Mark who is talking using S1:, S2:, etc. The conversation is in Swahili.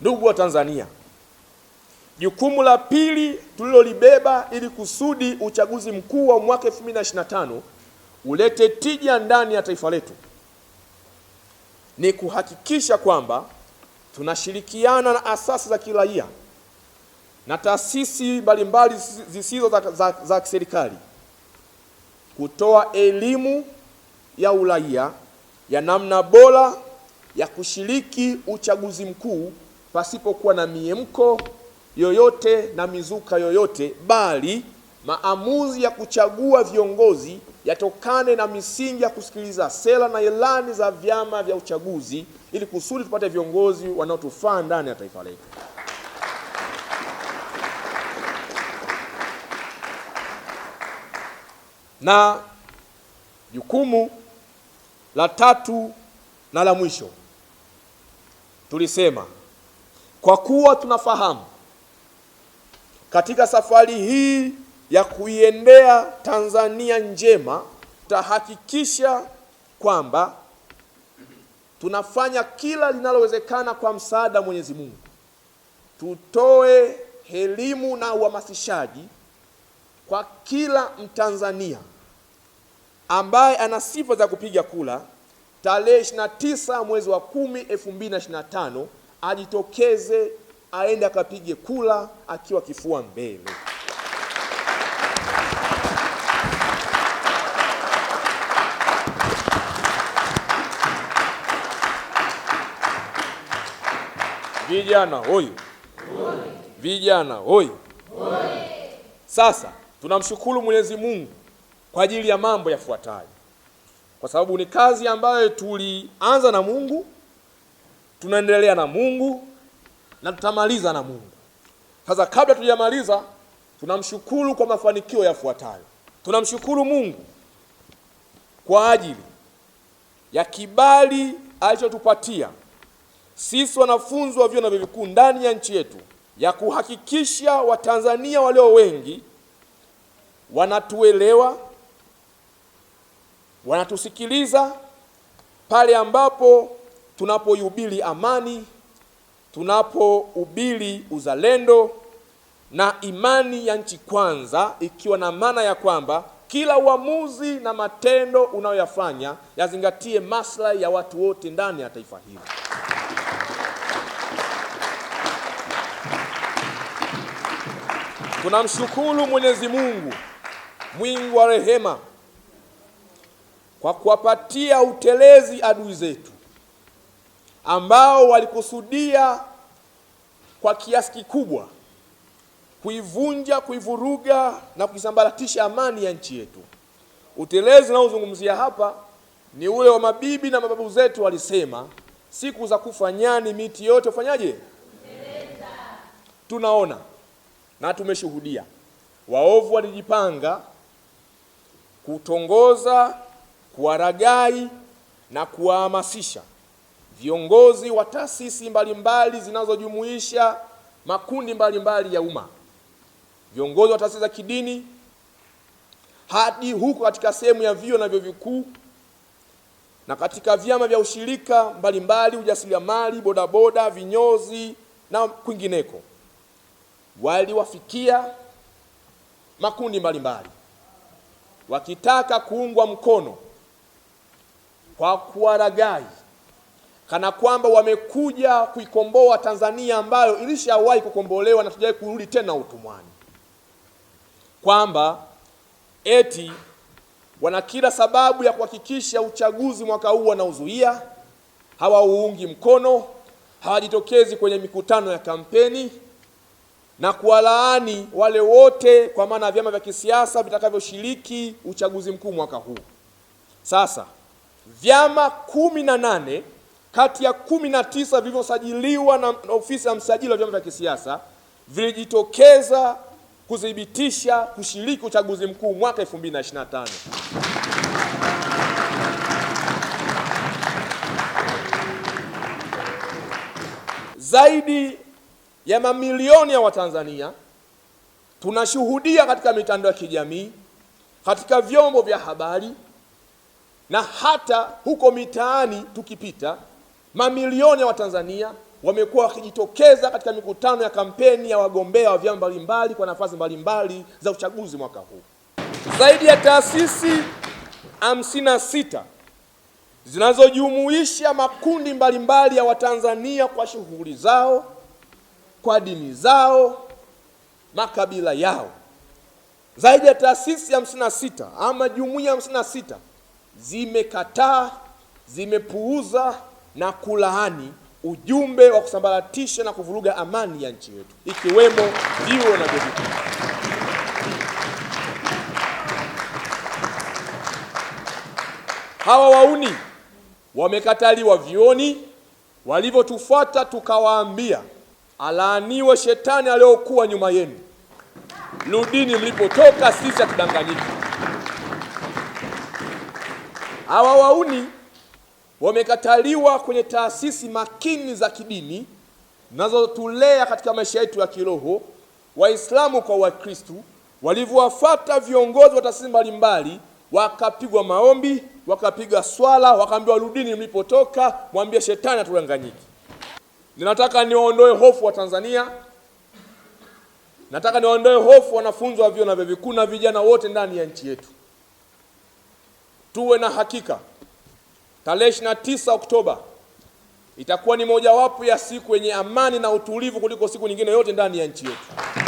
S1: Ndugu wa Tanzania, jukumu la pili tulilolibeba ili kusudi uchaguzi mkuu wa mwaka 2025 ulete tija ndani ya taifa letu ni kuhakikisha kwamba tunashirikiana na asasi za kiraia na taasisi mbalimbali zisizo za, za, za kiserikali kutoa elimu ya uraia ya namna bora ya kushiriki uchaguzi mkuu pasipokuwa na miemko yoyote na mizuka yoyote, bali maamuzi ya kuchagua viongozi yatokane na misingi ya kusikiliza sera na ilani za vyama vya uchaguzi, ili kusudi tupate viongozi wanaotufaa ndani ya taifa letu. Na jukumu la tatu na la mwisho tulisema kwa kuwa tunafahamu katika safari hii ya kuiendea Tanzania njema, tutahakikisha kwamba tunafanya kila linalowezekana kwa msaada wa Mwenyezi Mungu, tutoe elimu na uhamasishaji kwa kila Mtanzania ambaye ana sifa za kupiga kura tarehe 29 mwezi wa 10 2025 ajitokeze aende akapige kula akiwa kifua mbele. Vijana hoyo! Vijana hoyo! Sasa tunamshukuru Mwenyezi Mungu kwa ajili ya mambo yafuatayo, kwa sababu ni kazi ambayo tulianza na Mungu tunaendelea na Mungu na tutamaliza na Mungu. Sasa kabla tujamaliza, tunamshukuru kwa mafanikio yafuatayo. Tunamshukuru Mungu kwa ajili ya kibali alichotupatia sisi wanafunzi wa vyuo na vyuo vikuu ndani ya nchi yetu ya kuhakikisha Watanzania walio wengi wanatuelewa, wanatusikiliza pale ambapo tunapohubiri amani, tunapohubiri uzalendo na imani ya nchi kwanza, ikiwa na maana ya kwamba kila uamuzi na matendo unayoyafanya yazingatie maslahi ya watu wote ndani ya taifa hili. Tunamshukuru Mwenyezi Mungu mwingi wa rehema kwa kuwapatia utelezi adui zetu ambao walikusudia kwa kiasi kikubwa kuivunja, kuivuruga na kuisambaratisha amani ya nchi yetu. Utelezi unaozungumzia hapa ni ule wa mabibi na mababu zetu walisema, siku za kufa nyani miti yote ufanyaje? Tunaona na tumeshuhudia waovu walijipanga kutongoza, kuwaragai na kuwahamasisha viongozi wa taasisi mbalimbali zinazojumuisha makundi mbalimbali mbali ya umma, viongozi wa taasisi za kidini hadi huko katika sehemu ya vyuo na vyuo vikuu na katika vyama vya ushirika mbalimbali, ujasiriamali, bodaboda, vinyozi na kwingineko, waliwafikia makundi mbalimbali mbali, wakitaka kuungwa mkono kwa kuwaragai kana kwamba wamekuja kuikomboa Tanzania ambayo ilishawahi kukombolewa na tujawahi kurudi tena utumwani, kwamba eti wana kila sababu ya kuhakikisha uchaguzi mwaka huu wanauzuia, hawauungi mkono, hawajitokezi kwenye mikutano ya kampeni na kuwalaani wale wote, kwa maana ya vyama vya kisiasa vitakavyoshiriki uchaguzi mkuu mwaka huu. Sasa vyama kumi na nane kati ya kumi na tisa vilivyosajiliwa na ofisi ya msajili wa vyama vya kisiasa vilijitokeza kuthibitisha kushiriki uchaguzi mkuu mwaka 2025. Zaidi ya mamilioni ya Watanzania tunashuhudia katika mitandao ya kijamii, katika vyombo vya habari na hata huko mitaani tukipita Mamilioni ya Watanzania wamekuwa wakijitokeza katika mikutano ya kampeni ya wagombea wa vyama mbalimbali kwa nafasi mbalimbali za uchaguzi mwaka huu. Zaidi ya taasisi 56 zinazojumuisha makundi mbalimbali ya Watanzania kwa shughuli zao, kwa dini zao, makabila yao. Zaidi ya taasisi sita ama jumuiya 56 zimekataa, zimepuuza na kulaani ujumbe wa kusambaratisha na kuvuruga amani ya nchi yetu ikiwemo jiwe na boriti. Hawa wauni wamekataliwa vioni, walivyotufuata tukawaambia, alaaniwe shetani aliyokuwa nyuma yenu, rudini mlipotoka, sisi hatudanganyiki. Hawa wauni wamekataliwa kwenye taasisi makini za kidini zinazotulea katika maisha yetu ya kiroho, Waislamu kwa Wakristu walivyowafuata viongozi wa taasisi mbalimbali, wakapigwa maombi, wakapiga swala, wakaambiwa rudini mlipotoka, mwambie shetani atudanganyiki Ninataka niwaondoe hofu wa Tanzania, nataka niwaondoe hofu wanafunzi wa vyuo na vyuo vikuu na vijana wote ndani ya nchi yetu, tuwe na hakika Tarehe 29 Oktoba itakuwa ni mojawapo ya siku yenye amani na utulivu kuliko siku nyingine yote ndani ya nchi yetu.